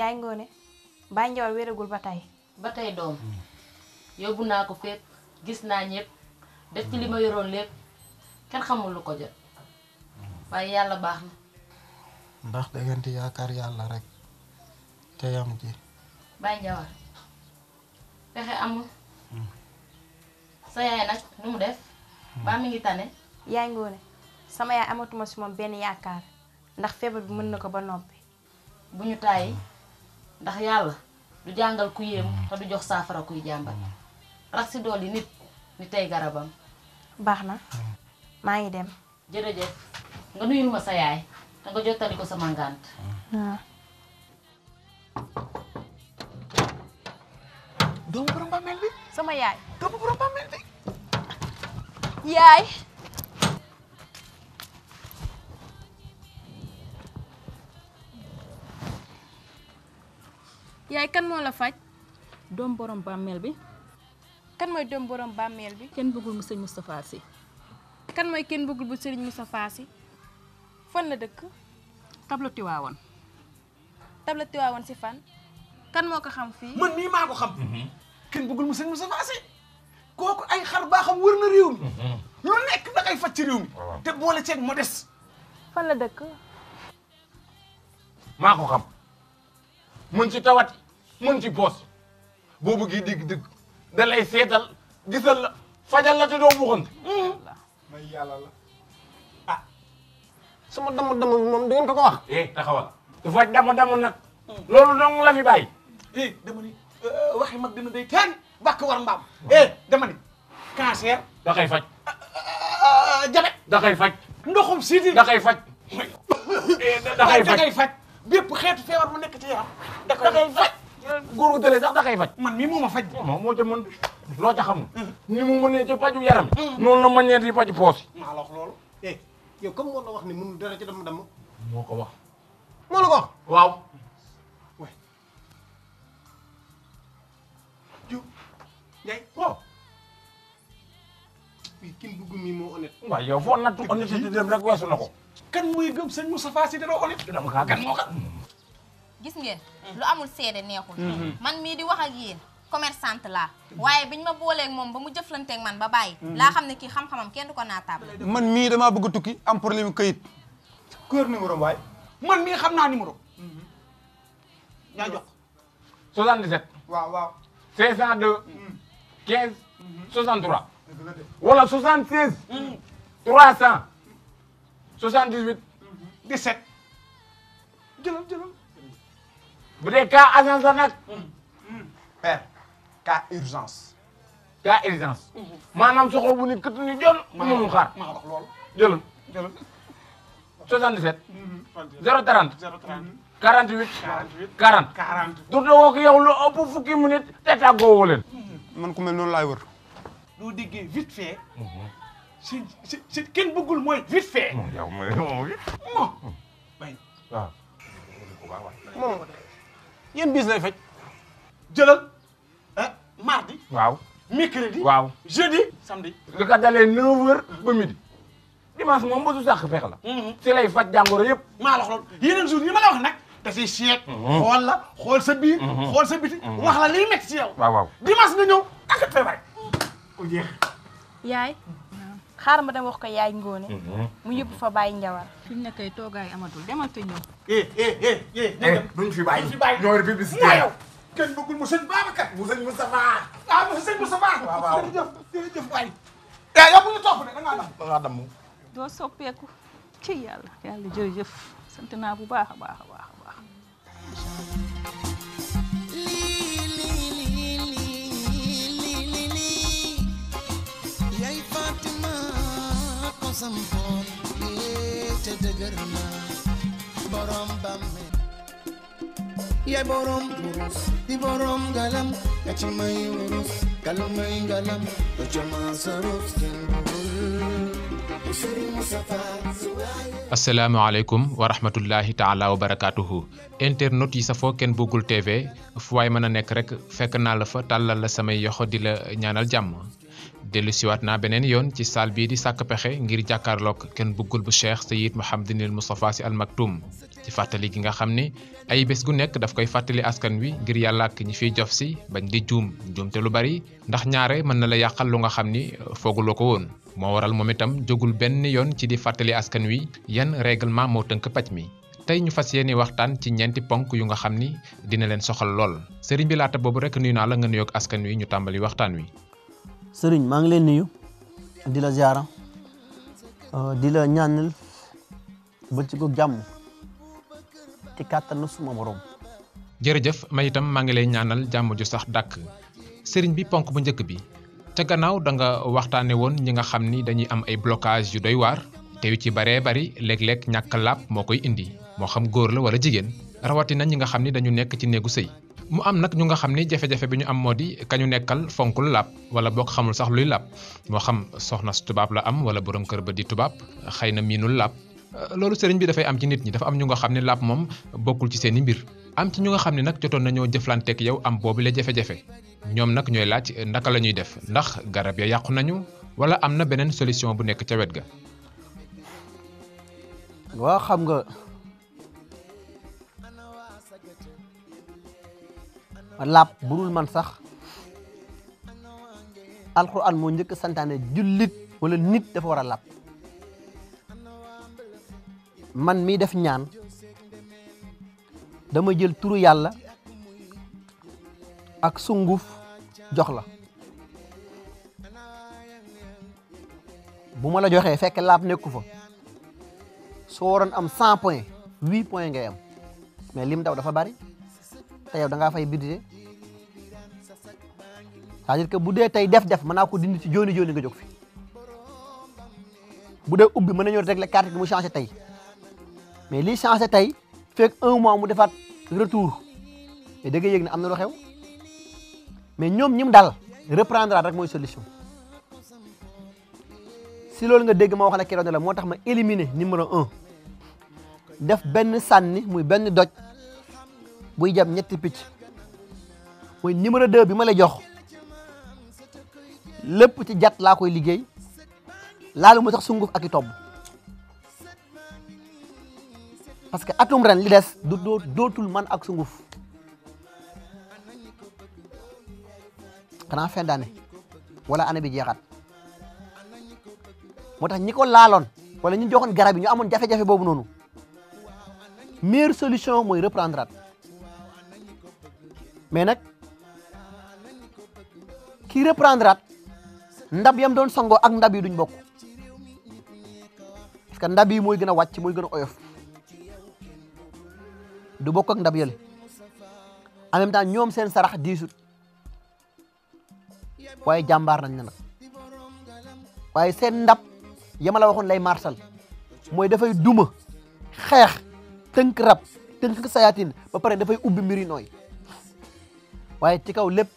yaay ngoone Baye Ndiol wéragul ba tey. ba tey doom yóbbu naa ko fépp gis naa ñëpp def ci li ma yoroon lépp kenn xamul lu ko jot waaye yàlla baax na. ndax da ngeen di yaakaar yàlla rek te yam ji. Baye Ndiawar pexe amul. sa yaay nag nu mu def. baa mi ngi tane. yaay ngoone sama yaay amatuma si moom benn yaakaar ndax feebar bi mën na ko ba noppi bu ñu tàyyi. ndax yalla du jangal ku yem mm. ta du jox safara ku jàmbat mm. rax si doli nit ni tay garabam baxna ma mm. ngi dem jef nga nuyul ma sa yaay te nga jotali ko sama ngànt ah. doomu borom bàmmeel bi sama yaay doomu borom bàmmeel bi yaay yaay kan moo la faj. doom borom bàmmeel bi. kan mooy doom borom bàmmeel bi. kenn bëggul mu sëñ Moustapha si kan mooy kenn bëggul bu sëñ Moustapha Sy. fan la dëkk. tableau Tiwaawan. tableau Tiwaawan si fan. kan moo ko xam fii. man nii maa mhm. kooku ay xar baaxam wër na réew mi. Mhm. lu nekk da faj ci réew mi. te boole ceeb moo des. fan la dëkk. maa ko xam. mun ci tawat mën ci poos boo bëggee dégg dëk da lay seetal gisal la fajal la te doo buxante. may yàlla la ah. dama dama moom du ko ko wax. Eh, taxawal. du faj dama dama nag. loolu dong la fi bàyyi. Eh, dama ni euh, waxi mag dina day teen bàkk war mbaam. eh dama ni cancer. da koy faj. Ah, ah, jabet. da faj. ndoxum siiti. da faj. Eh, da faj da koy faj. feebar bu nekk ci yaram. da faj. góor gu tëlee dax da koy faj. man mi moom a faj. moom moo ca loo ca xamul. Hmm. ni mu mënee ci faju hmm. la mënee ci faju poos. maa la wax eh, comme moo la wax ne mënul dara ci dama dama. moo ko wax. moo la ko wax. waaw. waay. Diop. Ndiaye. waaw. fii kin bugg mi moo honnête. yow foo nattu honnêteté dem rek weesu na ko. kan muy gëm sëñ Moustapha Sy da doo honnête. dama kaa gën moo xam. gis ngeen lu amul seede neexul mhm. man mii di wax ak yéen commerçante laa waaye biñ ma booleeg moom ba mu jëflanteeg man ba bàyyi mhm. laa xam ne kii xam-xamam kenn du ko naataab man mii damaa bëgg tukki am problème këyit kër numéro man mii xam naa numéro ñaa mhm. jox 77 waaw waaw 502 15 63 bu dee cas agence la nag. père cas urgence. cas urgence. maanaam soxla bu ni kët ni jël. mënul xaar maa wax loolu. jëlul jëlul. 77. 030 030. te tàggoo woo hmm. ku mel noonu laay wër. doo déggee vite fait. Hmm. si si mooy vite fait. Hmm, un bis lay fajj jëlal hein, mardi. mercredi. jeudi samedi. le ko 9h ba midi. dimanche mom ba su fex la. ci mhm. lay fajj Je yépp la yeneen yi ma la wax da mhm. xol la xol sa biir. Mhm. xol sa biti. wax la ci yow. dimanche nga ñew ak xaaral ma dem wax ko yaay Ngone. Mhm. mu yóbbu fa bàyyi njawar. fi mu ne kay toogaay amatul demal te ñëw. eh eh eh eh. eh duñ fi bàyyi duñ fi bàyyi ñoo publicité. waaw yow kenn bëggul mu sëñ Babacar. mu sëñ Moustapha. ah mu sëñ Moustapha. waaw waaw jërëjëf jërëjëf waay. eh yow bu ñu topp de da ngaa dam. da ngaa damm. doo soppeeku ci yàlla. yàlla jërëjëf sant naa bu baax a baax a baax a baax. sampoon yee te dëgër na borom bàmme wa barakaatuhu internet yi safoo Ken Bougoul TV fu waay mën a nekk rekk fekk naa la fa tàllal la samay yoxo di la ñaanal jàmm delu siwat na benen yon ci salle bi di sak pexé ngir jakarlok ken bukul bu cheikh sayyid al mustafa si al maktoum ci fatali gi nga xamni ay bes gu nek daf koy fatali askan wi ngir yalla ak ñi fi jof si bañ di joom joom te lu bari ndax ñaare man na la yakal lu nga xamni loko won mo waral mom itam jogul ben yon ci di fatali askan wi yan règlement mo teunk pacc mi tay ñu fasiyene waxtaan ci ñenti ponk yu nga xamni dina len soxal lol serigne bi laata bobu rek nuyu na la nga askan wi ñu tambali waxtaan wi sëriñ maa ngi leen nuyu di la ziara euh, di la ñaanal ba ci ko jàmm ci kàttanu suma borom. jërëjëf may itam maa ngi lay ñaanal jàmm ju sax dàkk sëriñ bi ponk bu njëkk bi ca gannaaw danga nga waxtaane woon ñi nga xam ni dañuy am ay blocage yu doy waar te ci baree bari léeg lekk ñàkk làpp moo koy indi moo xam góor la wala jigéen. rawatina ñi nga xam ni dañu nekk ci néegu sëy mu am nag ñu nga xam ni jafe-jafe bi ñu am moo di kañu nekkal fonkul laab wala bokk xamul sax luy laab moo xam soxna su tubaab la am wala boroom kër ba di tubaab xëy na miinul laab euh, loolu sëriñ bi dafay am ci nit ñi dafa am ñu nga xam ne laab moom bokkul ci seen i mbir am ci ñu nga xam ne nag jotoon nañoo jëflanteek yow am boobu la jafe-jafe ñoom nag ñooy laaj ndaka la ñuy def ndax garab ya yàqu nañu wala am na beneen solution bu nekk ca wet ga. laab bu man sax alxuraan moo njëkk santaane jullit wala nit dafa war a laab man mii def ñaan dama jël turu yàlla ak sunguf jox la bu ma la joxee fekk laab nekku fa soo waroon am cent point huit point ngay am mais lim daw dafa bari te yow da ngaa fay budget cest que bu dee tey def-def mën naa ko dindi ci jooni jooni nga jóg fi bu dee ubbi mën nañoo régler carte gi mu changé tey mais lii changé tey fekk un mois mu defaat retour mais da ngay yëg ne am na lu xew mais ñoom ñim dal reprendre rek mooy solution si loolu nga dégg ma wax la keroog ne moo tax ma éliminer numéro un def benn sànni muy benn doj. buy jam ñetti picc mooy numéro 2 bi ma lay jox lépp ci jat laa koy liggéey laalu moo tax sunguf ak i parce que atum ren li des du dootul man ak sunguf xanaa fin d'année wala année bi jeexaat moo tax ñi ko laaloon wala ñu joxoon garab yi ñu amoon jafe-jafe boobu noonu meilleure solution mooy reprendre menak kira kii reprendre ndab yam don songo ak ndab yi duñ bokk parce que ndab yi moy gëna wacc moy gëna oyof du bokk ak ndab yele en même temps ñom seen sarax disut waye jambar nañ na waye ndab yama la waxon lay marsal mui fay duma xex teunk rap teunk sayatin ba pare fay ubbi mbiri waaye ci kaw lépp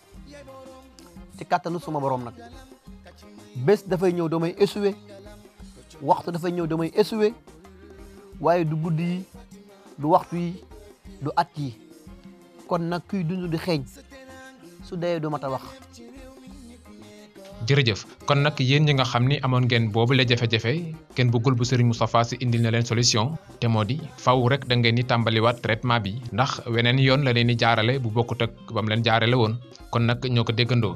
ci kàttanu suma borom nag bés dafay ñëw damay essuwe waxtu dafay ñëw damay essuwe waaye du guddi yi du waxtu yi du at yi kon nag kuy dund di xeeñ su dee du mat a wax jërëjëf kon nag yéen ñi nga xam ni amoon ngeen boobu la jafe-jafe kenn bëggul bu Serigne Moustapha Sy indi na leen solution te moo di faw rek da ngeen di tàmbaliwaat traitement bi ndax weneen yoon la leen di jaarale bu bokkut ak ba mu leen jaarale woon kon nag ñoo ko déggandoo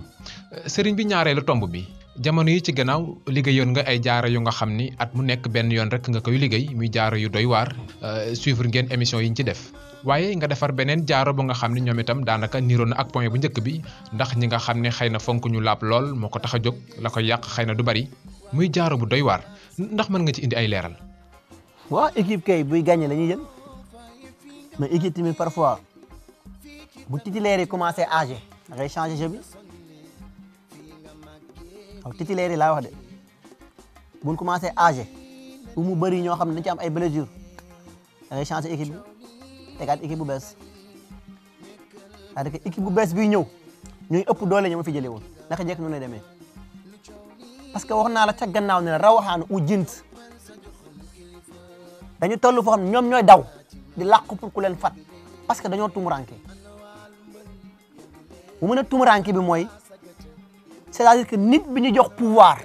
Serigne bi ñaareelu tomb bi jamono yi ci gannaaw liggéeyoon nga ay jaara yu nga xam ni at mu nekk benn yoon rek nga koy liggéey muy jaara yu doy waar euh, suivre ngeen émission yi ñu ci def. waye nga defar benen jaaro bu nga xamni ñom ñoom itam daanaka niroo na ak point bu ñëkk bi ndax ñi nga xamni xeyna fonku ñu lap lol moko taxa jog la ko yaq xeyna du bari muy jaaro bu doy war ndax man nga ci indi ay leral wa équipe kay buy gagné la ñuy jël mais équipe timi parfois bu titulaire yi commencé âgé da ngay changer jeu bi waaw titulaire yi laa wax de buñ commencé âgé bu mu bëri ñoo ci am ay blessure ngay changer équipe tegaat équipe bu bees cest que équipe bu bees biy ñëw ñooy ëpp doole ñu ma fi jëlee woon naka njëkk noonu deme demee parce que wax naa la ca gannaaw ne rawaxaan u jint dañu toll foo xam ne ñoom ñooy daw di làqu pour ku leen fat parce que dañoo tumuranke bu mën a tumuranke bi mooy c'est-à-dire que nit bi ñu jox pouvoir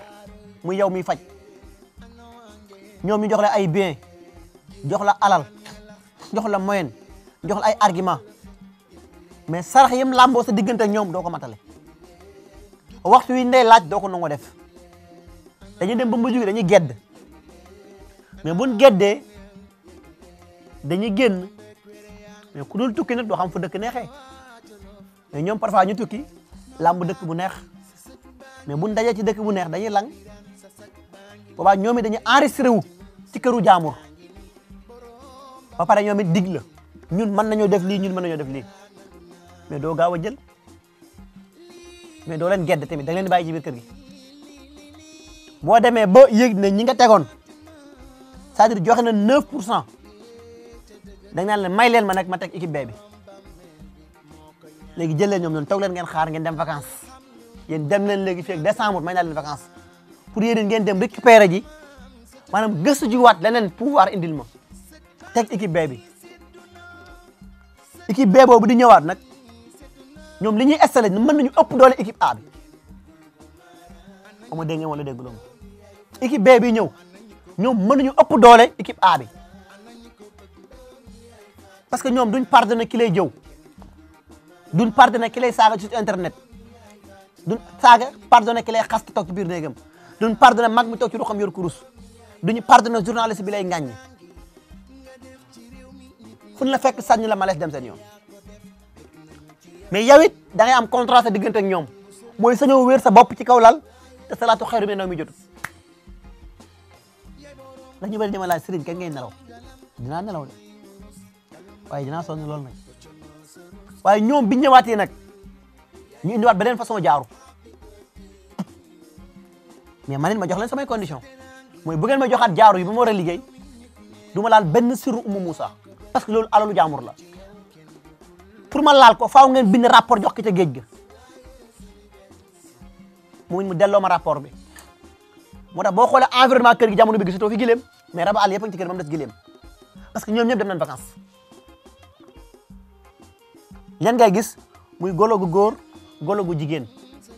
mu yow mi faj ñoom ñu jox la ay bien jox la alal jox la moyen jox la ay argument mais sarax yam làmboo sa diggante ñoom doo ko matale waxtu wi ndey laaj doo ko nangoo def dañuy dem ba mujj gi dañuy gedd mais buñ geddee dañuy génn mais ku dul tukki nag doo xam fu dëkk neexee mais ñoom parfois ñu tukki làmb dëkk bu neex mais buñ dajee ci dëkk bu neex dañuy lang boobaa ñoom dañuy enregistré wu ci këru jaamur ba pare ñoom it la ñun mën nañoo def lii ñun mën nañoo def lii mais doo gaaw a jël mais doo leen gedd tamit da leen bàyyi ci biir kër gi boo demee ba yëg ne ñi nga tegoon c'est-à-dire joxe na 9 pour cent da nga leen may leen ma nag ma teg équipe bee bi léegi jël leen ñoom ñoom toog leen ngeen xaar ngeen dem vacances yéen dem leen léegi fii ak décembre may naa leen vacances pour yéen ngeen dem récupérer ji maanaam gëstu ji waat leneen pouvoir indil ma teg équipe bee bi. équipe B boobu di ñëwaat nag ñoom li ñuy installé mën nañu ëpp doole équipe A bi ama dégg ngeen wala dégguloo ma équipe bi ñëw ñoom mën nañu ëpp doole équipe A bi parce que ñoom duñ pardonné ki lay jëw duñ pardonné ki lay saaga ci internet duñ saaga pardonné ki lay xas toog ci biir par duñ pardonné mag mu toog ci ruxam yor kurus duñu pardonné journaliste bi lay ngàññi fu la fekk sànni la malaise dem seen yoon mais yow it da am contrat sa diggante ak ñoom mooy sañoo wéer sa bopp ci kaw lal te salaatu xayru mi naw mi jotu ndax ñu bëri dama laaj sëriñ kañ ngay nelaw dinaa nelaw de waaye dinaa sonn loolu nag waaye ñoom biñ ñëwaatee nag ñu indiwaat beneen façon jaaru mais man ma jox leen samay condition mooy bu ngeen ma joxaat jaaru yi ma war a liggéey du ma laal benn siru umu Moussa parce que ala alalu jamour la pour ma lal ko faaw ngeen bind rapport jox ko ca géej ga mu mu delo ma rapport bi moo tax boo xoolee environnement keur gi jamono bi gisatoo fi gilem mais raba àll yëpp ngi ci keur ba mu gilem parce que ñom ñep dem nañ vacances ñan ngay gis muy golo gu góor golo gu jigéen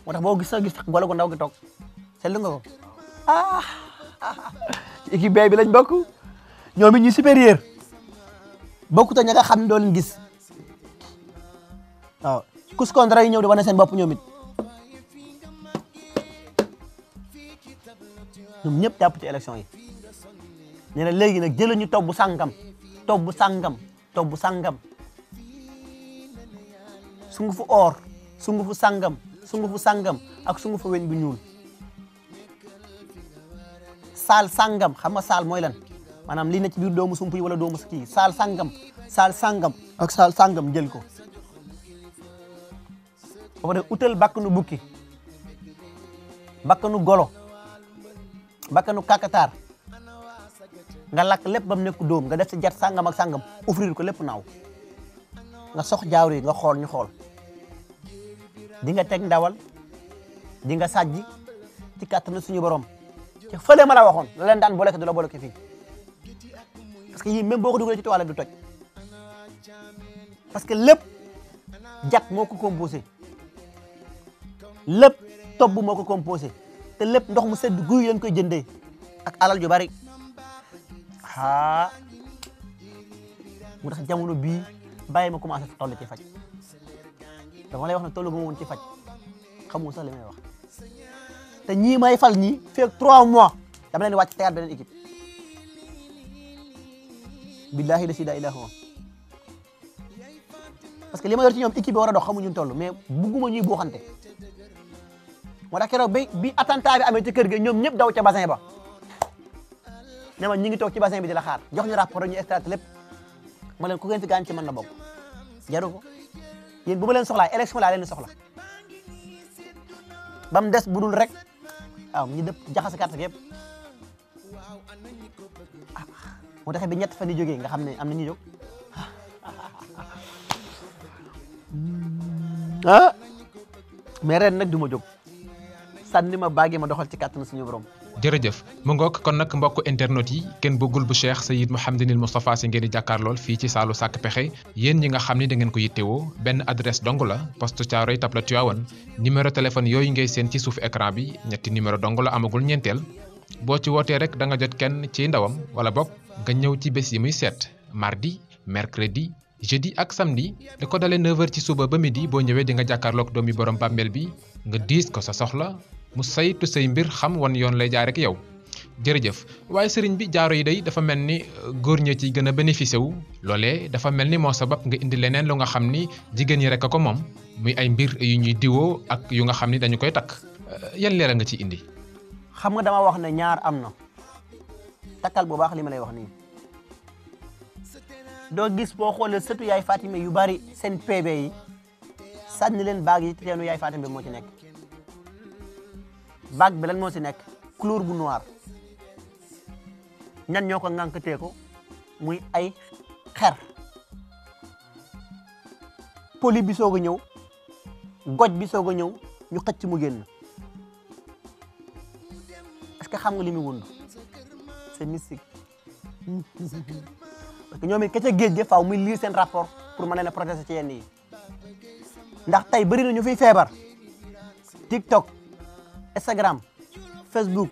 moo tax boo gis sa gis golo gu ndaw gi tok sel nga ko ah iki bay bi lañ bokku ñom ñi supérieur. bokkut ak ña xam ne doo leen gis waaw kus kontra yi ñëw di wane seen bopp ñoom it ñoom ñëpp jàpp ci élection yi ñu ne léegi nag jëla ñu tobb sàngam tobb sàngam bu sàngam sungu fu or sungufu fu sàngam sungu fu sàngam ak sungu fu weñ bu ñuul saal sàngam xam nga saal mooy lan Manam li ne ci bir doomu sumpuy wala doomu ski sal sangam sal sangam ak sal sangam jël ko ba pare utal bakkanu bukki bakkanu golo bakkanu kakatar nga lak lepp bam nekk doom nga def ci jat sangam ak sangam offrir ko lepp naw nga sox jaawri nga xol ñu xol di nga tek ndawal di nga sajj ci kàttanu suñu borom ci fële ma la waxoon la leen daan booleke du la booleke parce que yii même boo ko dugalee ci toilette du toj parce que lépp jat moo ko composé lépp tobb moo ko composé te lépp ndox mu sedd guy lañ koy jëndee ak alal ju bari aa ah. mu tax jamono bii bàyyi ma commencé toll ci faj dama lay wax ne tollu gu ma woon ci faj xamoo sax li may wax te ñii may fal ñii feeg 3 mois dama leen di wàcc tegaat beneen équipe billaahi la si daa ilaaha parce que li ma yor ci ñoom équipe bi war a dox xamuñu toll mais bugguma ñuy buuxante moo tax keroog bi bi attentat bi amee ci kër gi ñoom ñëpp daw ca bassin ba ne ma ñu ngi toog ci bassin bi di la xaar jox ñu rapport ñu extrait lépp ma leen ku ngeen fi gaañ ci man na bokk jaru ko bu ma leen soxlaa élection laa leen soxla ba des budul rek waaw ñu dëpp jaxase carte yëpp. mo taxé bi ñett fa di joggé nga xamné am na ñu jog ah, ah. mais nak duma jog ma ma baagi ma doxal ci kàttan suñu borom jërëjëf mu ngok kon nak mbokk internet yi kenn bëggul bu cheikh sayid mouhamadinil mustafa si ngeen di jàkkaarlool fi ci salu sak pexé yeen ñi nga xamni da ngeen ko yittewoo ben adresse dong la poste caaroy tabla tuyawan numéro téléphone yoy ngay seen ci suuf écran bi ñetti numéro dong la amagul ñentel bo ci woté rek da nga jot kenn ci ndawam wala bok nga ñew ci yi muy mardi mercredi jeudi ak samedi da ko dalé 9h ci suba ba midi bo ñëwee di nga jàkkaarloog doomi borom bambel bi nga diis ko sa soxla mu saytu say mbir xam won yon lay jaar ak yow jërëjëf waaye sëriñ bi jaaro yi day dafa mel ni euh, góor ña ci gën a bénéficié wu loolee dafa mel ni moo sabab nga indi leneen lu nga xam ni jigéen rek ko moom muy ay mbir yu ñuy diwoo ak yu nga xam ni dañu koy takk euh, yan leeral nga ci indi xam nga dama wax ne ñaar am na takkal bu baax li ma lay wax nii doo gis boo xoolee sëtu yaay Fatima yu bari seen PB yi ni leen baag yi teenu yaay Fatima bi moo ci nekk baag bi lan moo ci nekk couleur bu noir ñan ñoo ko ŋànkatee ko muy ay xer poli bi soog a ñëw goj bi soog a ñëw ñu xëcc mu génn xam nga limi wund c'est mystique parce que sen rapport pour ci yenn yi ndax tay tiktok instagram facebook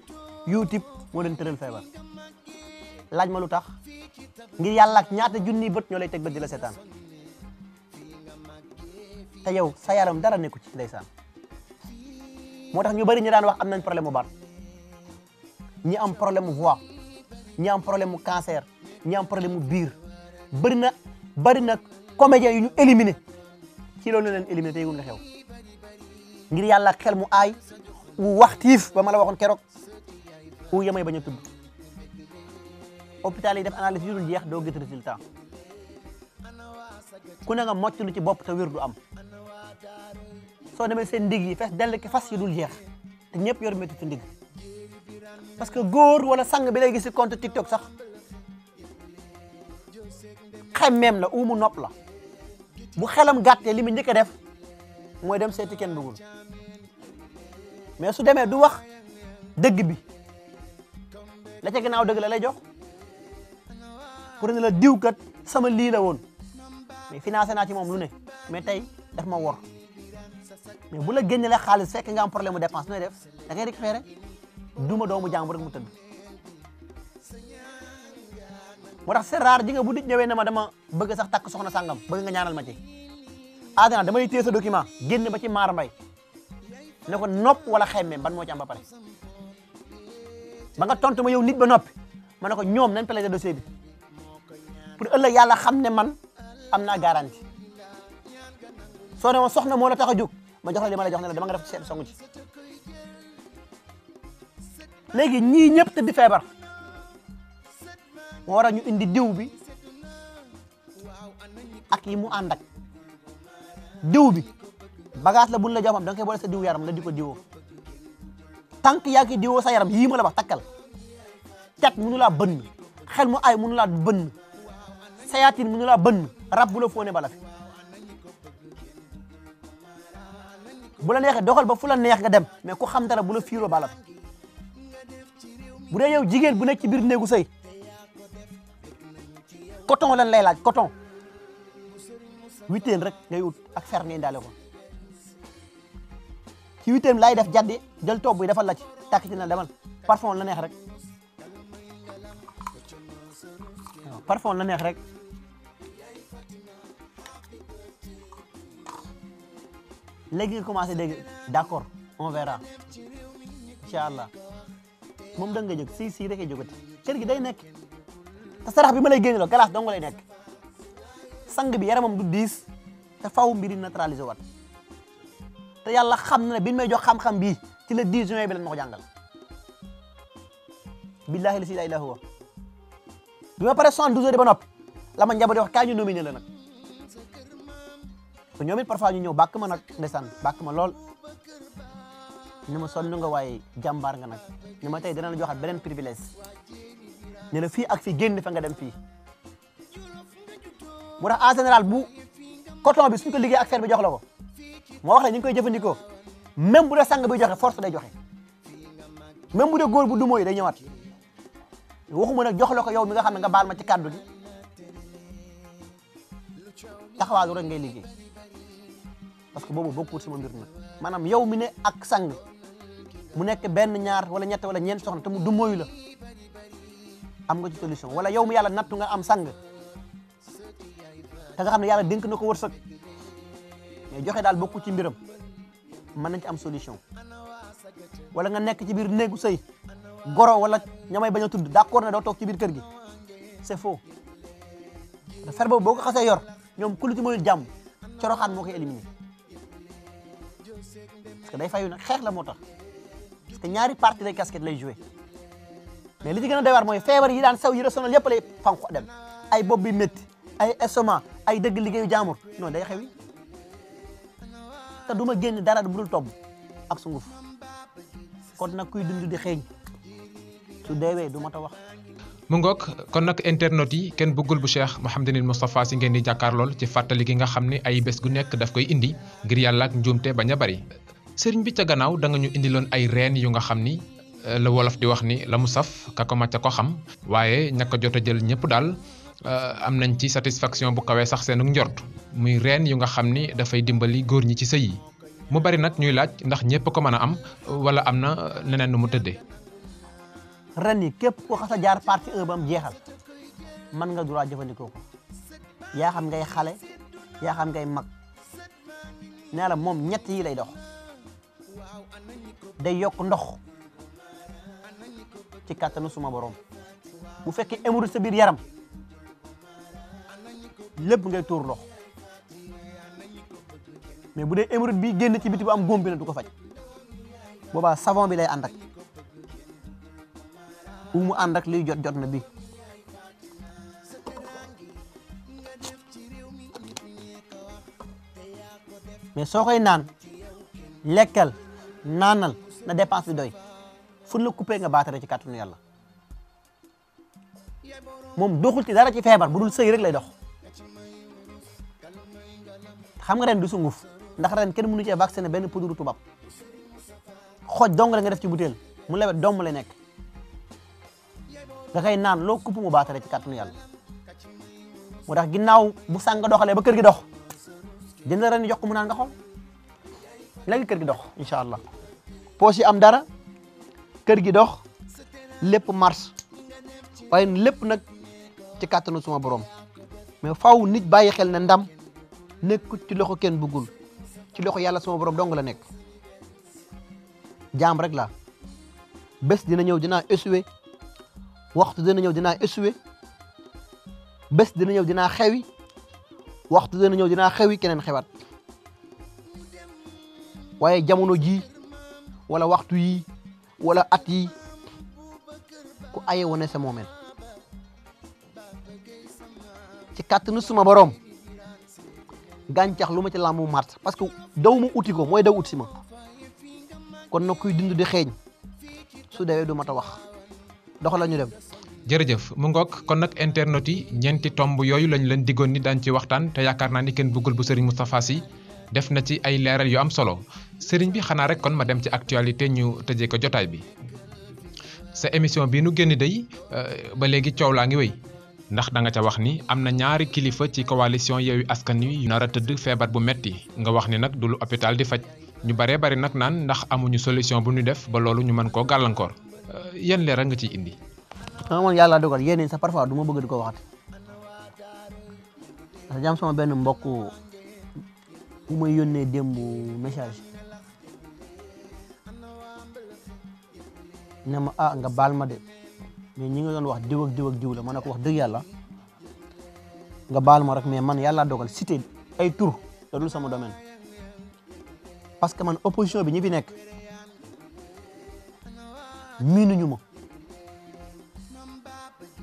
youtube mo leen teural febar laaj ma lutax ngir yalla ak ñaata junni beut ñolay setan Tahu yow sa yaram dara neku ci ndaysan motax ñu bari ñu daan wax ñi am problème voix ñi am problème cancer ñi am problème bir bari na bari na comédien yu ñu éliminer ci loolu leen éliminer tey gum la xew ngir yalla xel mu ay wu waxtif ba ma la waxoon keroog u yamay baña a tudd hôpital yi def analyse yu dul jeex do gëtt résultat ku na nga lu ci bop ta wér du am so demé sen ndig yi fess del ki fas yu dul jeex te yor metti ci ndig parce que góor wala sang bi lay gis ci compte tiktok sax même la umu nop la bu xelam gatte limi ñëk def moy dem seeti ken bëggul mais su démé du wax dëgg bi la ca gënaaw dëgg la lay jox pour ne la diw kat sama li la won mais financé na ci mom lu ne mais tay daf ma wor mais bu la génne la xaaliss fekk nga am problème dépense noy def da ngay récupérer duma doomu jàmbur rek mu tëdd moo tax c'est rare ji nga bu nit ñëwee ne ma dama bëgg sax takk soxna sàngam bëgg nga ñaanal ma ci aadana damay téye sa document génn ba ci maar mbay ne ko nopp wala xemme ban moo ci am ba pare ba nga tontu ma yow nit ba noppi ma ne ko ñoom nañ pelé dossier bi pour ëllëg yàlla xam ne man am naa garantie soo ne ma soxna moo la tax a ma jox la li ma la jox ne la dama nga def ci songu ci léegi ñii ñëpp te di feebar moo war a ñu indi diw bi ak yi mu ànd diw bi bagage la buñ la jox moom da nga koy boole sa diw yaram la di ko diwoo tànk yaa ngi diwoo sa yaram yii ma la wax takkal cat mënu laa bënn xel mu ay mënu laa mu sayaatin mënu laa bënn rab bu la fóone bala fi bu la neexee doxal ba fu la neex nga dem mais ku xam dara bu la fiiroo bala fi bu dee yow jigéen bu nekk ci biir néegu sëy coton lan lay laaj coton huitaine rek nga ut ak fer ngay indaale ko ci huitaine laay def jaddi jël toob bi dafa la ci na demal parfum la neex rek waaw parfum la neex rek léegi nga commencé dégg d'accord on verra allah mom da nga jog si si rek a jógati ker gi day nek. ta sarax bi malay lay génneloo galaas dong lay nek. sang bi yaramam du diis ta faaw mbiri naturaliser wat ta yalla xam na biñ may jox xam-xam bi ci le 10 juin bi lañ mako jangal billahi la ilaha illahu bi ma pare 72 heures ba la ma di wax ka ñu nominé la nak ñoomit parfois ñu ñew bak ma nak ndessane bak ma lol ni ma sonn nga way jambar nga nak ni ma tay dana la joxat benen privilege ni la fi ak fi genn fa nga dem fi mu tax en general bu coton bi suñ ko liggé ak fer bi jox la ko moo wax la ñu ngi koy jëfëndiko même bu da sang bi joxe force day joxe même bu da góor bu moy day ñëwaat waxuma nak jox la ko yow mi nga xamne nga baal ma ci kàddu gi taxawal rek ngay liggé parce que bokku ci mo mbir na manam yow mi ne ak sang mu nekk benn ñaar wala ñett wala ñeent soxna te mu du mooyu la am nga ci solution wala yow mu yàlla nattu nga am sang te nga xam ne yàlla dénk na ko wërsëg mais joxe daal bokku ci mbiram mën nañ ci am solution wala nga nekk ci biir néegu sëy goro wala ñamay bañ a tudd d'accord ne doo toog ci biir kër gi c'est faux fer boobu boo ko yor ñoom ku lu ci mënul jàmm coroxaan moo koy éliminer xeex la moo tax te ñaari parti lay casquette lay jouer mais li di gëna doy war moy fièvre yi daan saw yi resonal yépp lay fanku dem ay bobbi metti ay estomac ay deug liggéeyu jaamur non day xewi ta duma génn dara budul tobb ak sunguf kon nak kuy dund di xéñ su déwé duma ta wax mu ngok kon nak internet yi ken bugul bu cheikh mohamedinil mustafa si ngeen di ci fatali gi nga xamni ay bes gu nek daf koy indi ngir yalla ak njumte baña bari serigne bi ca gannaaw da nga ñu indiloon ay reen yu nga xam ni euh, la wolof di wax ni la mu saf ka ko ko xam waaye ñaka jot a jël ñëpp daal euh, am nañ ci satisfaction bu kawee sax seenu njort muy reen yu nga xam ni dafay dimbali góor ñi ci sëy yi mu bari nag ñuy laaj ndax ñëpp ko mën a am wala am na neneen nu mu tëddee ren yi képp ku a jaar parti 1 e ba am jeexal man nga droit jëfandikoo ko yaa xam ngay xale yaa xam ngay mag nee moom ñett yi lay dox day yokk ndox ci kàttanu suma boroom bu fekkee émuru sa biir yaram lépp ngay tuur ndox mais bu dee émuru bi génn ci biti bu am góom bi du ko faj boobaa savon bi lay ànd ak bu mu ànd liy jot jot na bi mais soo koy naan lekkal naanal na dépense doy fu la coupé nga baatare ci kàttanu yàlla moom doxul ci dara ci feebar bu dul sëy rek lay dox xam nga ren du sunguf ndax ren kenn mënu cee vacciné benn poudre tubaab xooj dong la def ci butéel mu lewet dong lay nekk nga koy naan loo kupp mu baatare ci kàttanu yàlla moo tax ginnaaw bu sàng doxalee ba kër gi dox jënd ren jox ko mu naan nga xool. léegi kër gi dox inshallah allah poos am dara kër gi dox lepp mars waaye lepp nak ci katanu suma borom mais faaw nit baye xel ne ndam nekkut ci loxo ken bugul ci loxo yalla suma borom dong la nek jam rek la bes dina ñew dina essuwe waxtu dina ñew dina essuwe bes dina ñew dina xewi waxtu dina ñew dina xewi kenen xewat waye jamono ji wala waxtu yi wala at yi ku ayé woné sa momel ci nu suma borom gàncax luma ci lamu mart parce que daw outiko uti daw outi si ma kon na kuy dund di xéñ su dewee du mata wax dox lañu dem jërëjëf mu ngok kon nak internet yi ñenti tomb yoyu lañ leen diggoon ni ci waxtaan te yakarna ni ken bugul bu serigne mustapha si def na ci ay leral yu am solo sëriñ bi xana rek kon ma dem ci actualité ñu ko jotay bi sa émission bi nu génn day euh, ba légui ciow la ngi wey ndax da nga ca wax ni am ñaari kilifa ci coalition yeewi askan wi yu nar teud febar bu metti nga wax ni nak dulu hôpital di faj ñu bare bare nak naan ndax amuñu solution bu ñu def ba lolu ñu mën koo gàllankoor euh, yan nga ci indi amon yalla dogal sa parfois duma bëgg diko waxat jam sama ben mbokku bu may yónnee démb message ne ma a ah, nga baal ma de mais ñi nga doon wax diw ak diw ak diw la ma ne ko wax dëgg yàlla nga baal ma rek mais man yàlla dogal cité ay tur da dul sama domaine parce que man opposition bi ñi fi nekk miinuñu ma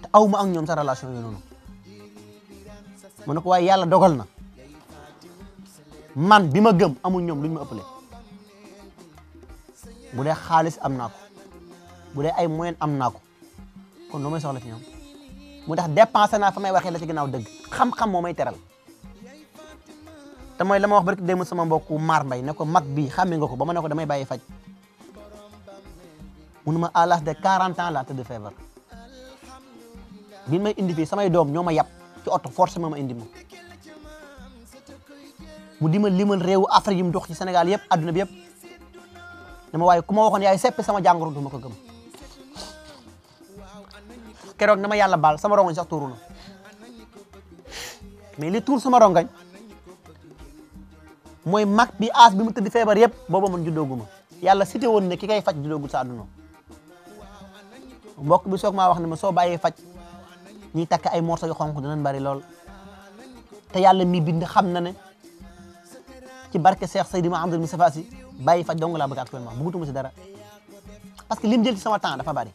te aw ma ak ñoom sa relation yooyu noonu ma ne ko waaye yàlla dogal na man bi ma gëm amul ñoom lu ñu ma ëppale bu dee xaalis am naa ko bu dee ay moyen am naa ko kon lu may soxla ci ñoom mu tax dépensé naa fa may waxee la ci ginnaaw dëgg xam-xam moo may teral te mooy la ma wax barki démb sama mbokku Mar Mbay ne ko mag bi xàmme nga ko ba ma ne ko damay bàyyi faj munuma à l'âge de 40 ans de tëdd feebar bi may indi fii samay doom ñoo ma yàpp ci oto forcément ma indi ma mu dimal limal réewu Afrique yi mu dox ci Sénégal yëpp adduna bi yëpp dama waaye ku ma waxoon yaay seppi sama jàngoro du ma ko gëm keroog na ma yàlla baal sama rongañ sax tuuru na mais li tuur sama rongañ mooy mag bi aas bi mu tëdd feebar yëpp booba man juddooguma yàlla cité woon ne ki kay faj juddoogul sa adduna mbokk bi soog maa wax ne ma soo bàyyee faj ñiy takk ay morso yu xonk dinañ bari lool te yàlla mi bind xam na ne ci barke cheikh seydi mahamadou moustapha si bàyyi faj dong la bëgg actuellement bëggatuma ci dara parce que lim jël ci sama temps dafa bari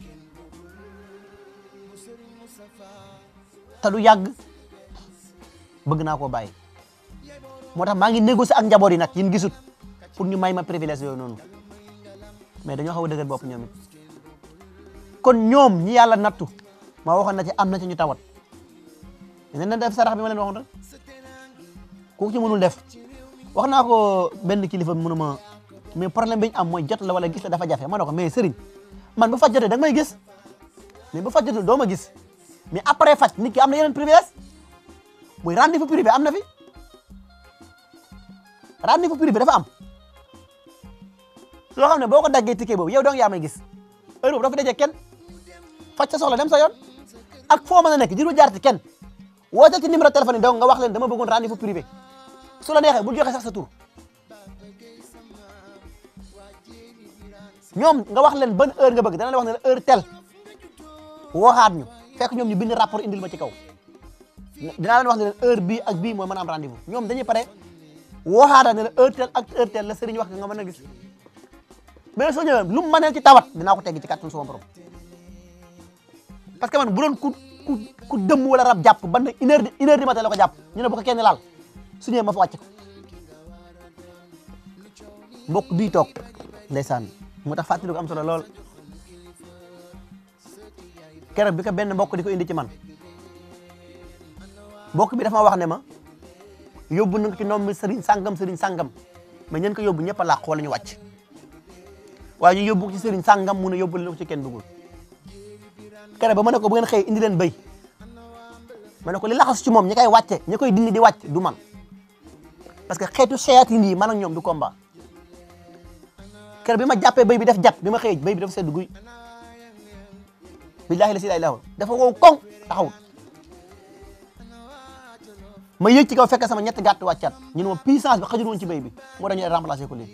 ta lu yàgg bëgg na ko baye motax ma ngi négocier ak njaboot yi nag yin gisut pour ñu may ma privilège yo noonu mais dañu xaw a bop bopp kon ñom ñi yalla nattu ma waxon na ci amna ci ñu tawat ne na def sarax bi ma leen waxon rek ko ci mënul def waxna ko ben kilifa bi mënu ma mais problème bi am moy jot la wala gis la dafa jafé ma ko mais serigne man bu faj dag may gis mais bu faj do ma gis mais après fajj nit ki am yenen privé moy rendez-vous privé am fi rendez-vous privé dafa am lo xam boko boo ticket bobu yow dong ya may gis euro dafa dajé ken fajj sa soxla dem sa yoon ak fo mën a nekk jëru jaar ci kenn woote numéro téléphone dong nga wax len dama bëggoon rendez-vous privé su la neexee kasar satu. sax sa tur ñoom nga wax leen ban heure nga bëgg dana la wax ne heure tel waxaat ñu fekk ñoom ñu bind rapport indil ma ci kaw dinaa leen wax heure ak am rendez-vous dañuy pare waxaata ne heure tel ak heure tel la sëriñ wax nga mën gis gitu. mais soo lu mu ci tawat dinaa ko tegg ci kàttan sama borom parce que man bu doon ku ku ku wala rab jàpp ban une heure une heure du matin la ko ñu ne bu ko kenn laal su ñëwee ma fa wàcc ko mbokk bii toog ndeysaan mu tax fàttali ko am lool keroog bi ko benn mbokk di ko indi ci man mbokk bi dafa ma wax ne ma yóbbu na ko ci noom mi sëriñ sàngam sëriñ sàngam mais ñeen ko yóbbu ñëpp a làq wala ñu wàcc waaye ñu yóbbu ko ci sëriñ sàngam mun a yóbbu leen ko ci kenn duggul keroog ba ma ne ko bu ngeen xëy indi leen béy ma ne ko li laxas ci moom ñi koy wàcce ñi koy dindi di wàcc du man parce que xétu shayatin ni man ak ñom du combat kër bima jappé bay bi def japp bima ma bay bi dafa sedd guy billahi la ilaha illallah dafa ko koŋ taxaw ma yëg ci kaw fekk sama ñett gatt waccat ñu ne ma puissance bi xajul won ci bay bi mo dañu remplacer ko li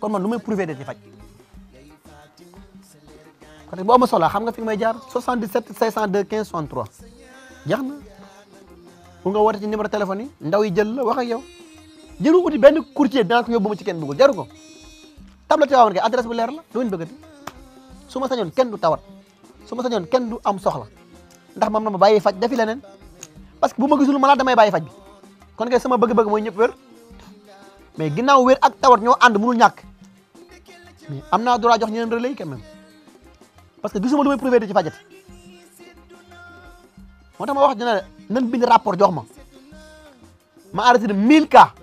kon man lumay prouver de ci fajj parce que ma solo xam nga fi may jaar 77 502 15 63 jaxna bu nga wote ci numéro téléphone yi ndaw yi jël la wax ak yow jëru uti benn courtier dinaa ko yóbbu ci kenn dugul jaru ko tablet yo waawoon kay adresse bu leer la lu bëgg bëggati su ma sañoon kenn du tawat su ma sañoon kenn du am soxla ndax moom na ma bàyyi faj dafi lenen parce que bu ma gisul malade damay bàyyi faj bi kon kay sama bëgg-bëgg moy ñëpp wër mais ginnaaw wër ak tawat ño and mënul ñak mais am droit jox ñeen relay quand même parce que gisuma lu may ci fajjati moo ma wax dina nañ bind rapport jox ma ma arrêté de 1000 cas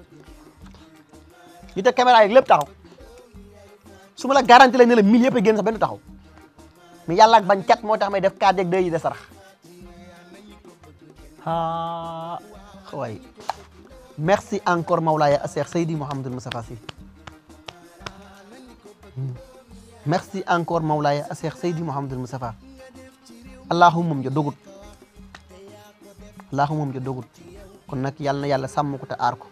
ñu teg caméra yi lépp taxaw su ma la garanti la ne la mille yëpp a benn taxaw mais yàlla ak moo tax may def kaat day yi de sarax ah waay merci encore Mawlaaya Cheikh Seydi Mouhamadul Moustapha Sy hmm. merci encore Mawlaaya Cheikh Seydi Mouhamadul Moustapha allahumma mu jo dogut allahumma mu jo dogut kon nag yàlla na yàlla sàmm ko te aar ko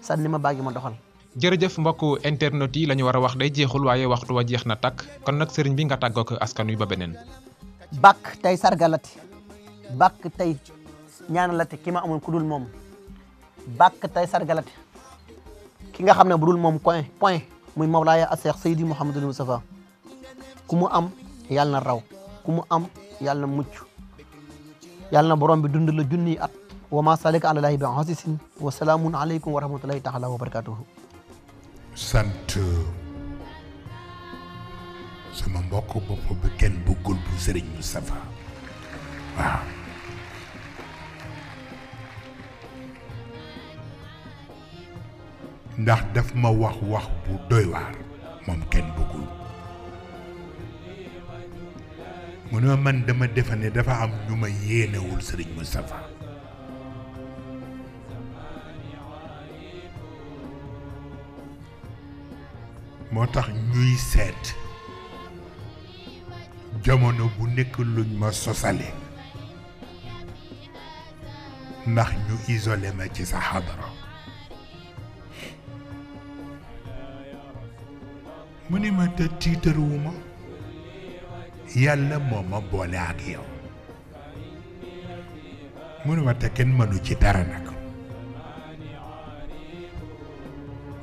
sànni ma baagi ma doxal jërëjëf mbokku internet yi lañu ñu war a wax day jeexul waaye waxtu wa jeex na takk kon nag sëriñ bi nga tàggoo ko askan wi ba beneen. bàkk tey sargalati bàkk tey ñaanalati ki ma amul ku dul moom bàkk tey sargalati ki nga xam ne bu dul moom point point muy Mawlaaya a cheikh Seydi Mouhamadul Moustapha ku mu am yàlla na raw ku mu am yàlla na mucc yàlla na borom bi dund la junniy at. wa ma salika ala laahi bi asisin wa salaamun aleykum wa rahmatullahi taala wa barakatuhu sant sama mbokk bopp bi kenn bëggul bu sëriñ Moustapha waaw ndax daf ma wax wax bu doy waar moom kenn bëggul mu ne man dama defe ne dafa am ñu ma yéenewul sëriñ Moustapha motax ñuy sét jamono bu nekk luñ ma sosale ndax ñu isolé ma ci sahadra mune ma te tiitaruwuma yàlla moma bolé ak yow mune ma te kenn mënu ci dara nak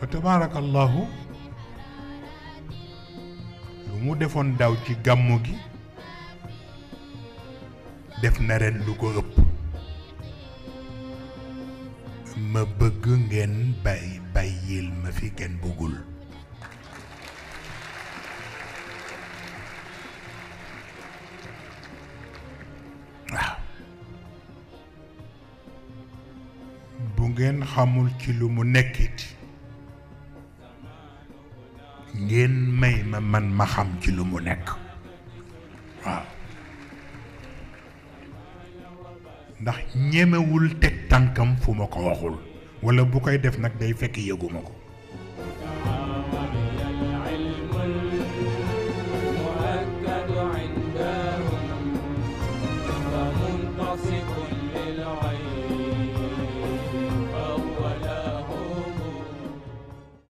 wa tabaraka lu mu defoon daw ci gàmmu gi def na ren lu ko ëpp ma bëgg ngeen bàyyi bàyyil ma fi kenn bëggul bu ngeen xamul ci lu mu nekkit ngeen man ma xam ci lu mu nekk waaw ndax ñemewul teg tànkam fu ma ko waxul walla bu koy def nag day fekk yëguma ko